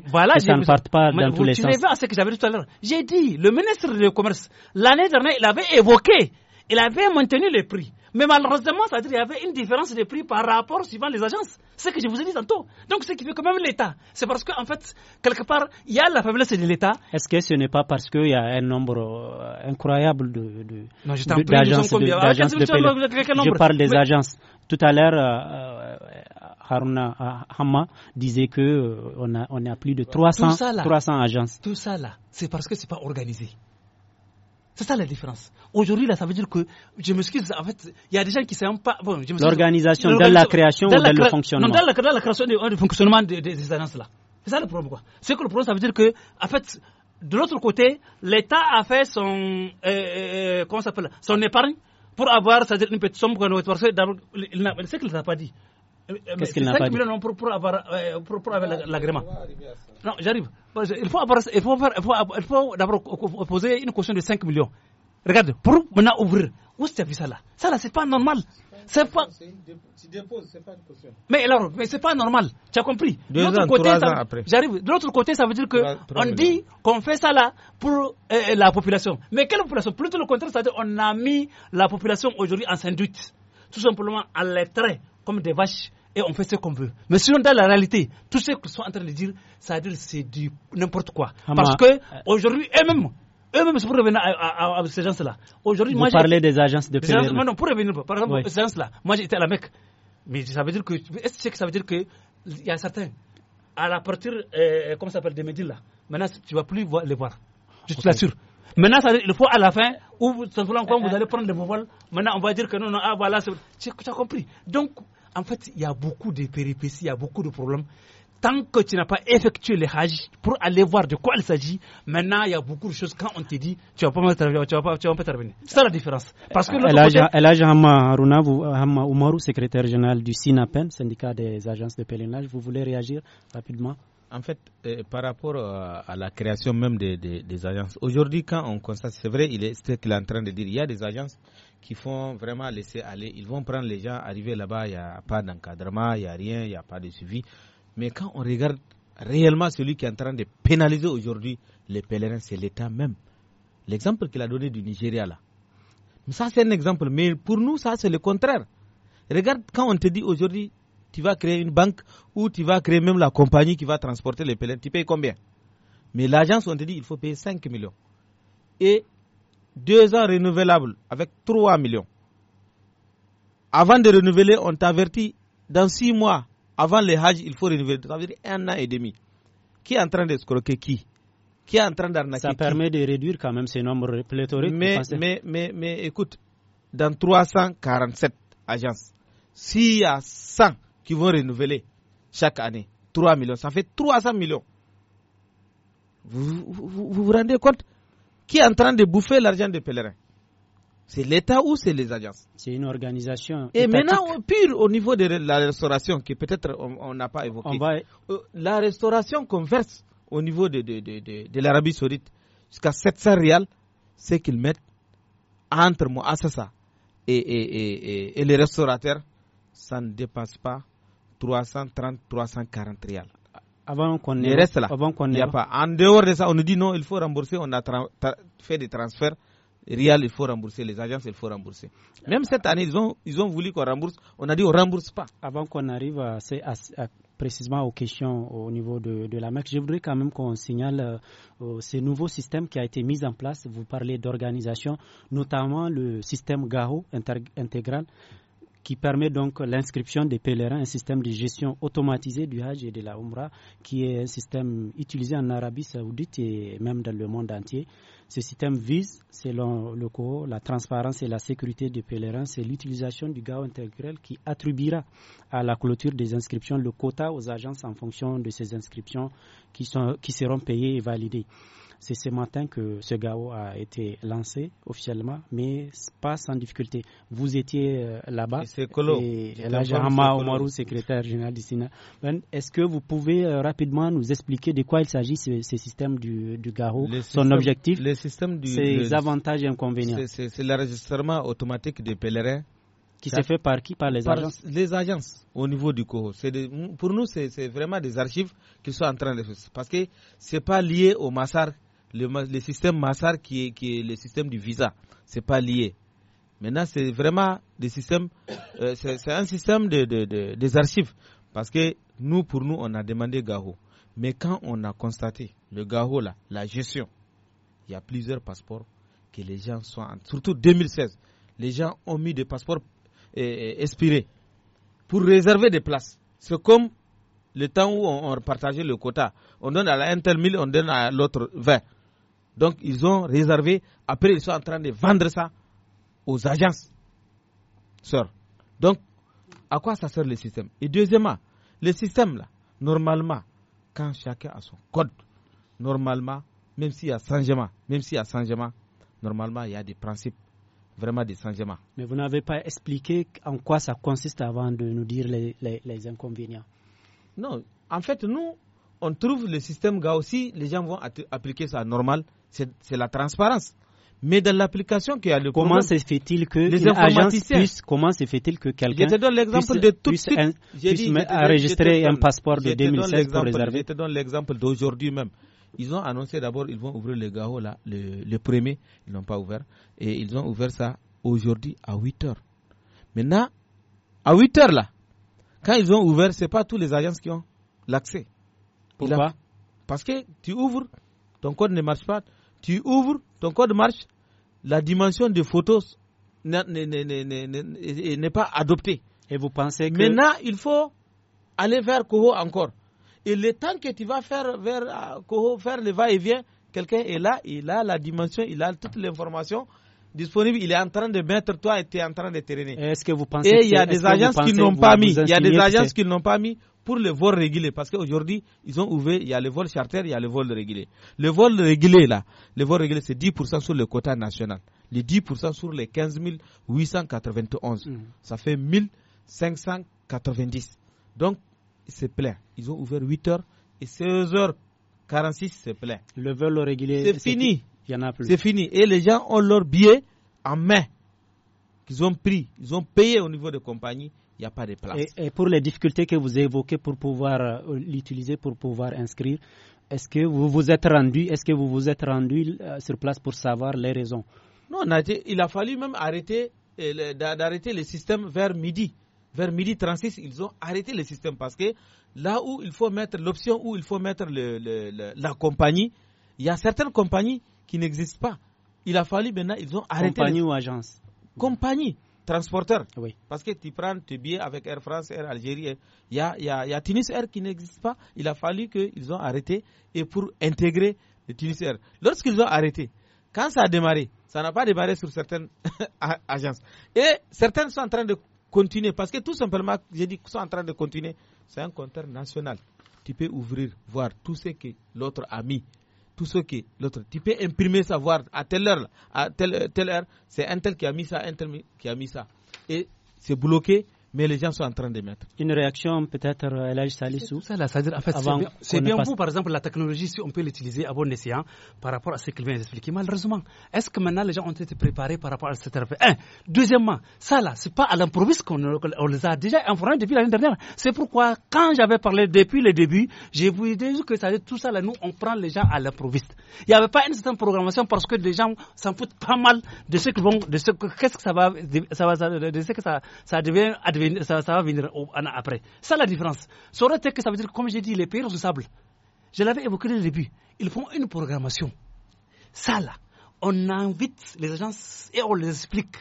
voilà, ça ne parte pas dans tous les sens. à ce que j'avais dit tout à l'heure. J'ai dit, le ministre du Commerce, l'année dernière, il avait évoqué, il avait maintenu le prix. Mais malheureusement, ça dire qu'il y avait une différence de prix par rapport suivant les agences. C'est ce que je vous ai dit tantôt. Donc, ce qui fait quand même l'État, c'est parce qu'en en fait, quelque part, il y a la faiblesse de l'État. Est-ce que ce n'est pas parce qu'il y a un nombre euh, incroyable d'agences de, de, Je parle des agences. Tout à l'heure, euh, euh, Haruna Hama disait qu'on on a, on plus de 300, 300 agences. Tout ça là, c'est parce que ce n'est pas organisé. C'est ça la différence. Aujourd'hui, là, ça veut dire que, je m'excuse, en fait, il y a des gens qui ne savent pas. Bon, L'organisation dans la création ou dans le fonctionnement dans la, création du fonctionnement des agences-là. C'est ça le problème, quoi. C'est que le problème, ça veut dire que, en fait, de l'autre côté, l'État a fait son, euh, euh, euh, s'appelle, son épargne pour avoir, c'est-à-dire une petite somme pour parce que, c'est qu'il ne pas dit. Qu'est-ce qu'il n'a pas dit pour, pour, avoir, pour, avoir l'agrément. Non, j'arrive. Il faut, avoir, il faut, il faut, il faut d'abord poser une question de 5 millions. Regarde, pour maintenant ouvrir, où tu as vu ça là Ça là, c'est pas normal. C'est pas. Tu déposes, c'est pas une question. Mais alors, mais c'est pas normal. Tu as compris De l'autre côté, ça... j'arrive. De l'autre côté, ça veut dire que on dit qu'on fait ça là pour euh, euh, la population. Mais quelle population Plutôt le contraire, c'est-à-dire on a mis la population aujourd'hui en sans tout simplement à l'étrait comme des vaches et on fait ce qu'on veut. Mais si on dans la réalité, tout ce qu'ils sont en train de dire, ça veut dire c'est du n'importe quoi. Parce que euh, aujourd'hui, eux-mêmes, eux-mêmes, pour revenir à, à, ces gens-là, aujourd'hui, moi. Vous parlez des agences de pèlerinage. non, pour revenir, par exemple, ces gens-là, moi j'étais à la Mecque. Mais ça veut dire que. Est-ce que ça veut dire qu'il y a certains, à la partir, euh, comment ça s'appelle, des médias là, maintenant tu ne vas plus les voir. Je te l'assure. Maintenant, ça, il faut à la fin, ou vous, vous euh, allez prendre des voile, maintenant on va dire que non, non, ah voilà, tu as compris. Donc, en fait, il y a beaucoup de péripéties, il y a beaucoup de problèmes. Tant que tu n'as pas effectué les hajj pour aller voir de quoi il s'agit, maintenant il y a beaucoup de choses. Quand on te dit tu vas pas vas pas, tu C'est ça la différence. Parce que secrétaire général du SINAPEN, syndicat des agences de pèlerinage, vous voulez réagir rapidement en fait, euh, par rapport euh, à la création même des, agences, aujourd'hui, quand on constate, c'est vrai, il est, ce qu'il est en train de dire, il y a des agences, qui font vraiment laisser aller. Ils vont prendre les gens, arriver là-bas, il n'y a pas d'encadrement, il n'y a rien, il n'y a pas de suivi. Mais quand on regarde réellement celui qui est en train de pénaliser aujourd'hui les pèlerins, c'est l'État même. L'exemple qu'il a donné du Nigeria là. Ça, c'est un exemple. Mais pour nous, ça, c'est le contraire. Regarde quand on te dit aujourd'hui, tu vas créer une banque ou tu vas créer même la compagnie qui va transporter les pèlerins. Tu payes combien Mais l'agence, on te dit, il faut payer 5 millions. Et deux ans renouvelables avec 3 millions. Avant de renouveler, on t'avertit dans six mois, avant les Hajj, il faut renouveler. Ça veut dire un an et demi. Qui est en train de d'escroquer qui Qui est en train d'arnaquer Ça permet de réduire quand même ces nombres pléthoriques. Mais, mais, mais, écoute, dans 347 agences, s'il y a 100 qui vont renouveler chaque année, 3 millions, ça fait 300 millions. vous, vous rendez compte qui est en train de bouffer l'argent des pèlerins. C'est l'État ou c'est les agences C'est une organisation. Et maintenant, pire au niveau de la restauration, qui peut-être on n'a pas évoqué. Euh, la restauration verse au niveau de, l'Arabie saoudite jusqu'à 700 rials, ce qu'ils mettent entre Moassassa et, et, et, et, les restaurateurs, ça ne dépasse pas 330-340 rials. Avant qu'on n'ait là. pas. En dehors de ça, on nous dit non, il faut rembourser. On a fait des transferts. Rial, il faut rembourser. Les agences, il faut rembourser. Même cette année, ils ont, voulu qu'on rembourse. On a dit on rembourse pas. Avant qu'on arrive précisément aux questions au niveau de, la MEC, je voudrais quand même qu'on signale euh, euh, ce nouveau système qui a été mis en place. Vous parlez d'organisation, notamment le système Gaho intégral qui permet donc l'inscription des pèlerins, un système de gestion automatisé du Hajj et de la Umrah, qui est un système utilisé en Arabie saoudite et même dans le monde entier. Ce système vise, selon le COO, la transparence et la sécurité des pèlerins. C'est l'utilisation du GAO intégral qui attribuera à la clôture des inscriptions le quota aux agences en fonction de ces inscriptions qui seront payées et validées. C'est ce matin que ce GAO a été lancé officiellement, mais pas sans difficulté. Vous étiez euh, là-bas. C'est Colo. Et Omarou, secrétaire général du Sénat. Ben, est-ce que vous pouvez euh, rapidement nous expliquer de quoi il s'agit, ce, système du, du GAO, son objectif, le système ses avantages et inconvénients C'est l'enregistrement automatique des pèlerins qui se fait par qui Par les agences Les agences au niveau du COHO. pour nous, c'est vraiment des archives qui sont en train de faire. Parce que ce n'est pas lié au massacre le, le système Massar qui est, qui le système du visa. C'est pas lié. Maintenant, c'est vraiment des systèmes, euh, c'est un système de, de, des archives. Parce que nous, pour nous, on a demandé Gaho. Mais quand on a constaté le Gaho, là, la gestion, il y a plusieurs passeports que les gens sont, surtout 2016, les gens ont mis des passeports euh, euh, expirés pour réserver des places. C'est comme le temps où on, partageait le quota. On donne à la tel on donne à l'autre 20. Donc ils ont réservé. Après, ils sont en train de vendre ça aux agences. Sœurs. Donc, à quoi ça sert le système Et deuxièmement, le système, là, normalement, quand chacun a son code, normalement, même s'il y a changement, même s'il y a changement, normalement, il y a des principes, vraiment des changements. Mais vous n'avez pas expliqué en quoi ça consiste avant de nous dire les, inconvénients. Non, en fait, nous, on trouve le système là aussi, les gens vont appliquer ça normal, c'est la transparence. Mais dans l'application qui a le Comment se fait-il que les informaticiens puisse, comment se fait-il que quelqu'un Je l'exemple de tout enregistrer un passeport de 2016 pour réserver. Je te donne l'exemple d'aujourd'hui même. Ils ont annoncé d'abord ils vont ouvrir le GAO là, le, premier, ils n'ont pas ouvert et ils ont ouvert ça aujourd'hui à 8 heures. Maintenant, à 8 heures là, quand ils ont ouvert, ce n'est pas tous les agences qui ont l'accès. Pourquoi Parce que tu ouvres, ton code ne marche pas, tu ouvres ton code marche, la dimension de photos n'est pas adoptée. Et vous pensez que... Maintenant, il faut aller vers Koho encore. Et le temps que tu vas faire vers euh, Koho, faire le va-et-vient, quelqu'un est là, il a la dimension, il a toute l'information disponible, il est en train de mettre toi et tu es en train de terrainer. Est-ce que vous pensez Et il y a des agences qui n'ont pas mis. Il y a des agences qui n'ont pas mis pour les vols régulés, parce qu'aujourd'hui, ils ont ouvert, il y a les vols charter, il y a le vol régulé. Le vol régulé, là, le vol régulé, c'est 10% sur le quota national. Les 10% sur les 15 891. Mm. Ça fait 1590. Donc, c'est plein. Ils ont ouvert 8 heures et 16h46, c'est plein. Le vol régulé, c'est fini. Il y en a plus. C'est fini. Et les gens ont leur billet en main qu'ils ont pris, ils ont payé au niveau des compagnies, il n'y a pas de place. Et, pour les difficultés que vous évoquez pour pouvoir euh, l'utiliser, pour pouvoir inscrire, est-ce que vous vous êtes rendu, est-ce que vous vous êtes rendu euh, sur place pour savoir les raisons Non, il a fallu même arrêter euh, d'arrêter le système vers midi. Vers midi 36, ils ont arrêté le système parce que là où il faut mettre l'option où il faut mettre la compagnie, il y a certaines compagnies qui n'existent pas. Il a fallu maintenant, ils ont arrêté. Compagnie ou agence compagnie transporteur. Parce que tu prends tes billets avec Air France, Air Algérie, il y a, Tunis Air qui n'existe pas. Il a fallu qu'ils ont arrêté et pour intégrer le Tunis Air. Lorsqu'ils ont arrêté, quand ça a démarré, ça n'a pas démarré sur certaines agences. Et certaines sont en train de continuer parce que tout simplement, j'ai dit sont en train de continuer. C'est un compteur national. Tu peux ouvrir, voir tout ce que l'autre a mis tout ce qui l'autre. Tu peux imprimer savoir à telle heure, à telle, telle heure, c'est un tel qui a mis ça, un tel qui a mis ça. Et c'est bloqué mais les gens sont en train de mettre. Une réaction peut-être euh, là salissou C'est ça, c'est bien, vous, par exemple, la technologie, si on peut l'utiliser à bon escient par rapport à ce qu'il vient d'expliquer. Malheureusement, est-ce que maintenant les gens ont été préparés par rapport à cette affaire? Un. Deuxièmement, ça là, c'est pas à l'improviste qu'on les a déjà informés depuis l'année dernière. C'est pourquoi, quand j'avais parlé depuis le début, j'ai voulu dire que ça, tout ça là, nous, on prend les gens à l'improviste. Il n'y avait pas une certaine programmation parce que les gens s'en foutent pas mal de ce que vont, de ce qu'est-ce que ça va, devenir ça va, de ce que ça, ça devient ça, va venir après. Ça, la différence. Ça que ça veut dire, comme j'ai dit, les pays responsables, je l'avais évoqué au début, ils font une programmation. Ça, là, on invite les agences et on les explique.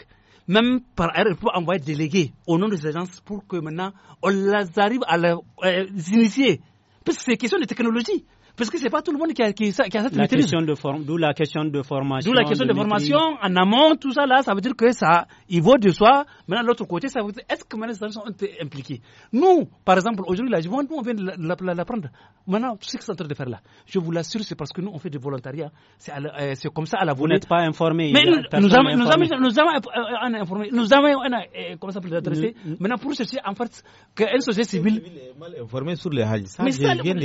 Même par ailleurs, il faut envoyer des délégués au nom des agences pour que maintenant, on les arrive à les euh, initier. Parce que c'est question de technologie. Parce que ce n'est pas tout le monde qui a, qui a cette la de d'où la question de formation. D'où la question de, formation, en amont, tout ça là, ça veut dire que ça, il vaut de soi. Maintenant, de l'autre côté, ça veut dire, est-ce que maintenant les sont impliqués Nous, par exemple, aujourd'hui, la nous, on vient de l'apprendre. maintenant, tout ce qu'ils sont en train de faire là, je vous l'assure, c'est parce que nous, on fait du volontariat. C'est euh, comme ça à la volée. Vous n'êtes pas informé. Mais nous, nous, avons, nous, avons, nous avons euh, informé. Nous avons, euh, comment ça être adressé. Maintenant, pour chercher, en fait, qu'une société civile. Mal informé sur les Hajj. mais,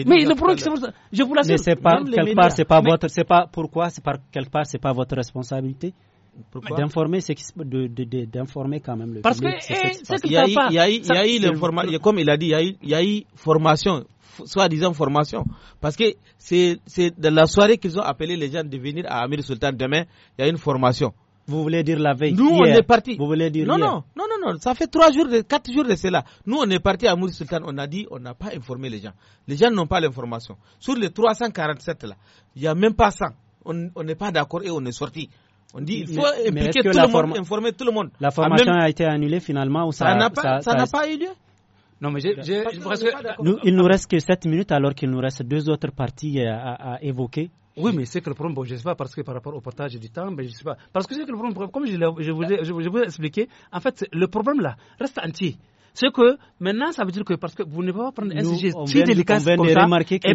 mais le problème, c'est je vous c'est pas, quelque part, c'est pas votre, c'est pas, pourquoi, c'est par, quelque part, c'est pas votre responsabilité. D'informer, c'est d'informer quand même le Parce que, il y a eu, il y a il formation, comme il a dit, il y eu, formation, soi-disant formation. Parce que c'est, de la soirée qu'ils ont appelé les gens de venir à Amir Sultan demain, il y a une formation. Vous voulez dire la veille Nous, on est parti. Vous voulez dire Non, non, non, non, non, ça fait trois jours, de, quatre jours de cela. Nous, on est parti à Mouri Sultan, on a dit, on n'a pas informé les gens. Les gens n'ont pas l'information. Sur les 347 là, il n'y a même pas 100. On n'est pas d'accord et on est sorti. On dit il faut tout le monde, informer tout le monde. La ah, formation a été annulée finalement ou ça n'a pas eu lieu non, mais il nous reste que 7 minutes alors qu'il nous reste deux autres parties euh, à, évoquer. Oui, mais c'est que le problème, bon, je ne sais pas, parce que par rapport au partage du temps, mais je ne sais pas. Parce que c'est que le problème, comme je, vous ai, je, expliqué, en fait, le problème là reste entier c'est que maintenant, ça veut dire que parce que vous ne pouvez pas prendre un sujet si délicat comme ça, et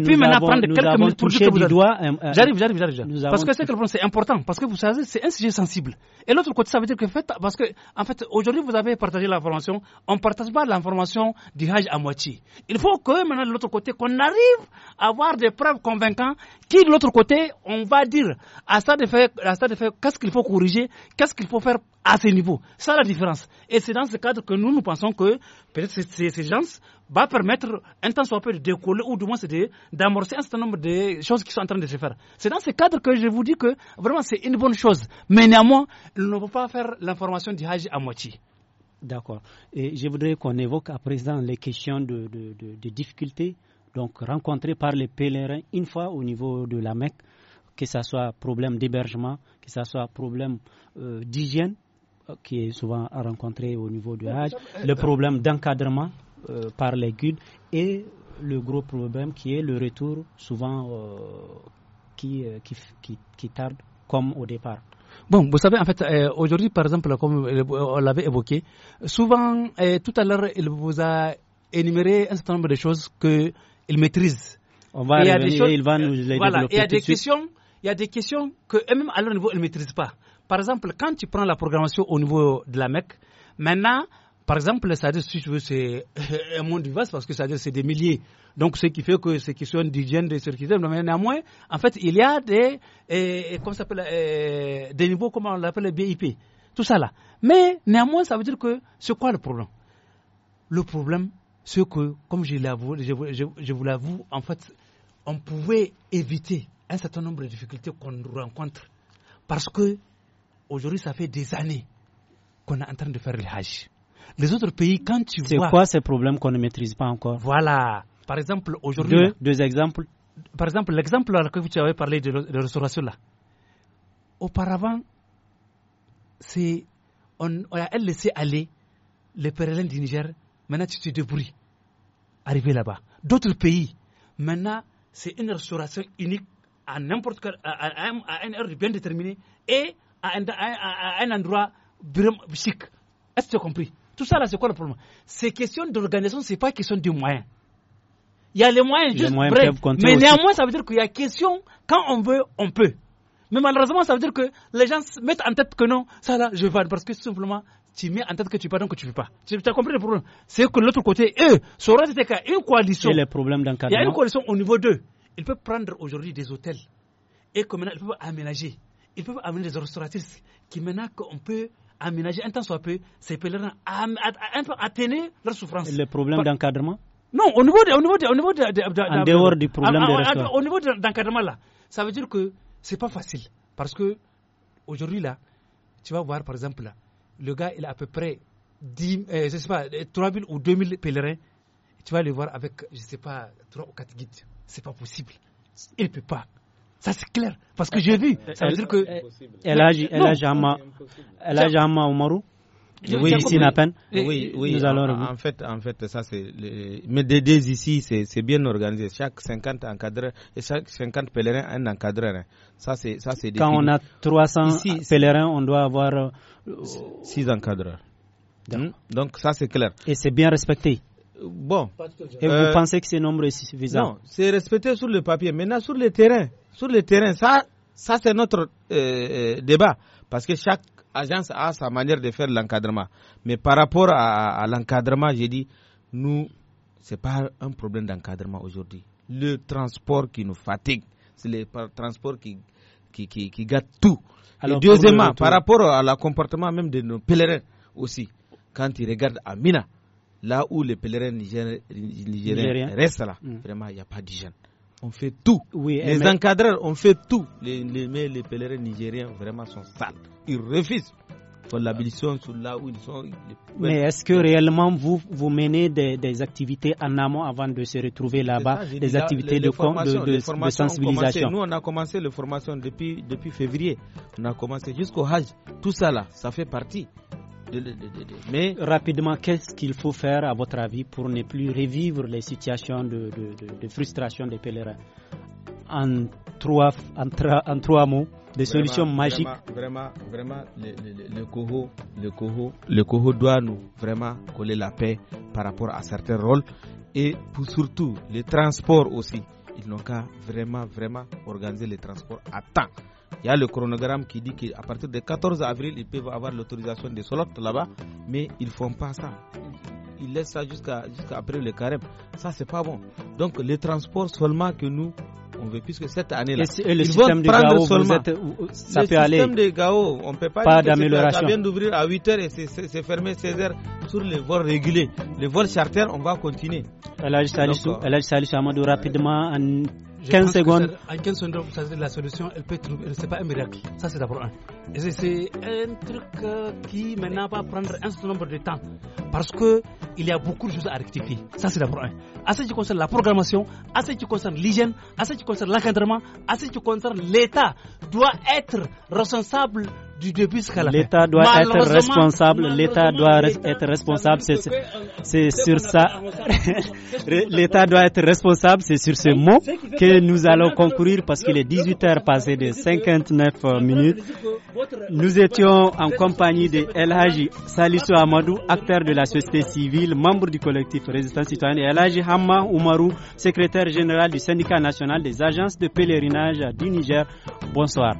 puis maintenant avons, prendre quelques minutes pour dire que vous doigt, J'arrive, j'arrive, j'arrive. Parce que c'est important, parce que vous savez, c'est un sujet sensible. Et l'autre côté, ça veut dire que fait, parce que en fait, aujourd'hui, vous avez partagé l'information, on ne partage pas l'information du Hajj à moitié. Il faut que maintenant, de l'autre côté, qu'on arrive à avoir des preuves convaincantes qui, de l'autre côté, on va dire à ça de faire, ça de faire, qu'est-ce qu'il faut corriger, qu'est-ce qu'il faut faire à ce niveau. Ça la différence. Et c'est dans ce cadre que nous, nous pensons que peut-être ces, gens va permettre un temps soit peu de décoller ou du moins d'amorcer un certain nombre de choses qui sont en train de se faire. C'est dans ce cadre que je vous dis que vraiment c'est une bonne chose. Mais néanmoins, nous ne pouvons pas faire l'information du Hajj à moitié. D'accord. Et je voudrais qu'on évoque à présent les questions de, difficultés rencontrées par les pèlerins une fois au niveau de la Mecque que ce soit problème d'hébergement, que ce soit problème euh, d'hygiène, euh, qui est souvent rencontré au niveau du âge, euh, le problème d'encadrement euh, par les guides et le gros problème qui est le retour souvent qui, qui, tarde comme au départ. Bon, vous savez, en fait, aujourd'hui, par exemple, comme on l'avait évoqué, souvent, tout à l'heure, il vous a énuméré un certain nombre de choses qu'il maîtrise. On va il y des il va nous les voilà, il y a des questions, il y a des questions que même à leur niveau, ils ne maîtrisent pas. Par exemple, quand tu prends la programmation au niveau de la mec, maintenant, par exemple, ça si tu veux, c'est un monde vaste parce que ça c'est des milliers. Donc, ce qui fait que c'est question d'hygiène, de circuiter, mais néanmoins, en fait, il y a des, eh, comment eh, des niveaux, comment on l'appelle, BIP, tout ça là. Mais néanmoins, ça veut dire que c'est quoi le problème Le problème, c'est que, comme je, je, je vous l'avoue, en fait, on pouvait éviter un certain nombre de difficultés qu'on rencontre parce que Aujourd'hui, ça fait des années qu'on est en train de faire le Hajj. Les autres pays, quand tu vois. C'est quoi ces problèmes qu'on ne maîtrise pas encore Voilà. Par exemple, aujourd'hui. Deux, deux, exemples. Par exemple, l'exemple que tu avais parlé de, restauration là. Auparavant, c'est. On, a laissé aller les pèlerins du Niger. Maintenant, tu te débrouilles. Arrivé là-bas. D'autres pays, maintenant, c'est une restauration unique à n'importe quel À, un heure bien déterminée. Et à un, à, un endroit chic. Est-ce que tu as compris Tout ça, là, c'est quoi le problème Ces questions d'organisation, ce n'est pas question de moyens. Il y a les moyens, les juste moyens bref, Mais néanmoins, ça veut dire qu'il y a question, quand on veut, on peut. Mais malheureusement, ça veut dire que les gens mettent en tête que non, ça là, je vais, parce que simplement, tu mets en tête que tu pardonnes, que tu ne veux pas. Tu as compris le problème C'est que l'autre côté, eux, ça aurait été une coalition. Et les problèmes Il y a une coalition au niveau d'eux. Ils peuvent prendre aujourd'hui des hôtels et qu'ils ils peuvent aménager ils peuvent amener des restaurateurs qui maintenant qu'on peut aménager un temps soit peu ces pèlerins, à, un peu atténuer leur souffrance. Le problème d'encadrement Non, au niveau de, au niveau au niveau de, Au niveau d'encadrement là, ça veut dire que c'est pas facile parce que aujourd'hui là, tu vas voir par exemple là, le gars il a à peu près 10, euh, je sais pas, 3000 ou 2000 pèlerins, tu vas le voir avec je sais pas 3 ou 4 guides, c'est pas possible. Il ne peut pas. Ça, c'est clair. Parce que j'ai vu. Ça veut dire que. Elle a, elle a Jama. Elle a Oui, ici, na peine. Oui, oui. en, fait, en fait, ça, c'est. Mais des ici, c'est bien organisé. Chaque 50 encadreurs et chaque 50 pèlerins, un encadreur. Hein. Ça, c'est. Quand on a 300 pèlerins, on doit avoir. 6 euh, encadreurs. Hmm? Donc, ça, c'est clair. Et c'est bien respecté. Bon. Et vous euh, pensez que ce nombre est suffisant Non, c'est respecté sur le papier. Maintenant, sur le terrain, sur le terrain, ça, c'est notre euh, euh, débat. Parce que chaque agence a sa manière de faire l'encadrement. Mais par rapport à, l'encadrement, j'ai dit, nous, ce n'est pas un problème d'encadrement aujourd'hui. Le transport qui nous fatigue, c'est le transport qui, qui, qui, gâte tout. deuxièmement, par rapport à comportement même de nos pèlerins aussi, quand ils regardent Amina là où les pèlerins nigériens restent là, mm. vraiment, il n'y a pas d'hygiène. On fait tout. les mais... encadreurs, on fait tout. Les, les, mais les pèlerins nigériens, vraiment, sont sales. Ils refusent l'abolition sur là où ils sont. Mais est-ce que réellement vous, vous menez des, activités en amont avant de se retrouver là-bas, des activités de, sensibilisation Nous, on a commencé les formation depuis, depuis février. On a commencé jusqu'au Hajj. Tout ça là, ça fait partie. Mais rapidement, qu'est-ce qu'il faut faire, à votre avis, pour ne plus revivre les situations de, frustration des pèlerins en trois, en, trois mots des solutions magiques. Vraiment, vraiment, le, Coho, le, le doit nous vraiment coller la paix par rapport à certains rôles et pour surtout les transports aussi. Ils n'ont qu'à vraiment, vraiment organiser les transports à temps. Il y a le chronogramme qui dit qu'à partir du 14 avril, ils peuvent avoir l'autorisation des solotes là-bas, mais ils ne font pas ça. Ils laissent ça jusqu'à après le carême. Ça, c'est pas bon. Donc, les transports seulement que nous, on veut, puisque cette année-là, ils le vont de prendre Gao, seulement. ça le système de Gao, on ne peut pas, pas d'amélioration. Ça vient d'ouvrir à 8h et c'est fermé 16h sur les vols réguliers. Les vols charter, on va continuer. Elage Salissou, euh, Amadou, rapidement, en 15 secondes. En 15 secondes, la solution, elle peut trouver. n'est pas un miracle. Ça, c'est d'abord un. Et c'est un truc euh, qui, maintenant, va prendre un certain nombre de temps. Parce que il y a beaucoup de choses à rectifier. Ça, c'est d'abord un. À ce qui concerne la programmation, à ce qui concerne l'hygiène, à ce qui concerne l'encadrement, à ce qui concerne l'État, doit être responsable du L'État doit être responsable. L'État doit être responsable. C'est sur ça. L'État doit être responsable. C'est sur ce mot que nous allons concourir parce qu'il est 18 h passé de 59 euh, minutes. Nous étions en compagnie de El Haji Salisu Amadou, acteur de la société civile, membre du collectif Résistance Citoyenne, et El Haji Hamma Oumarou, secrétaire général du syndicat national des agences de pèlerinage du Niger. Bonsoir.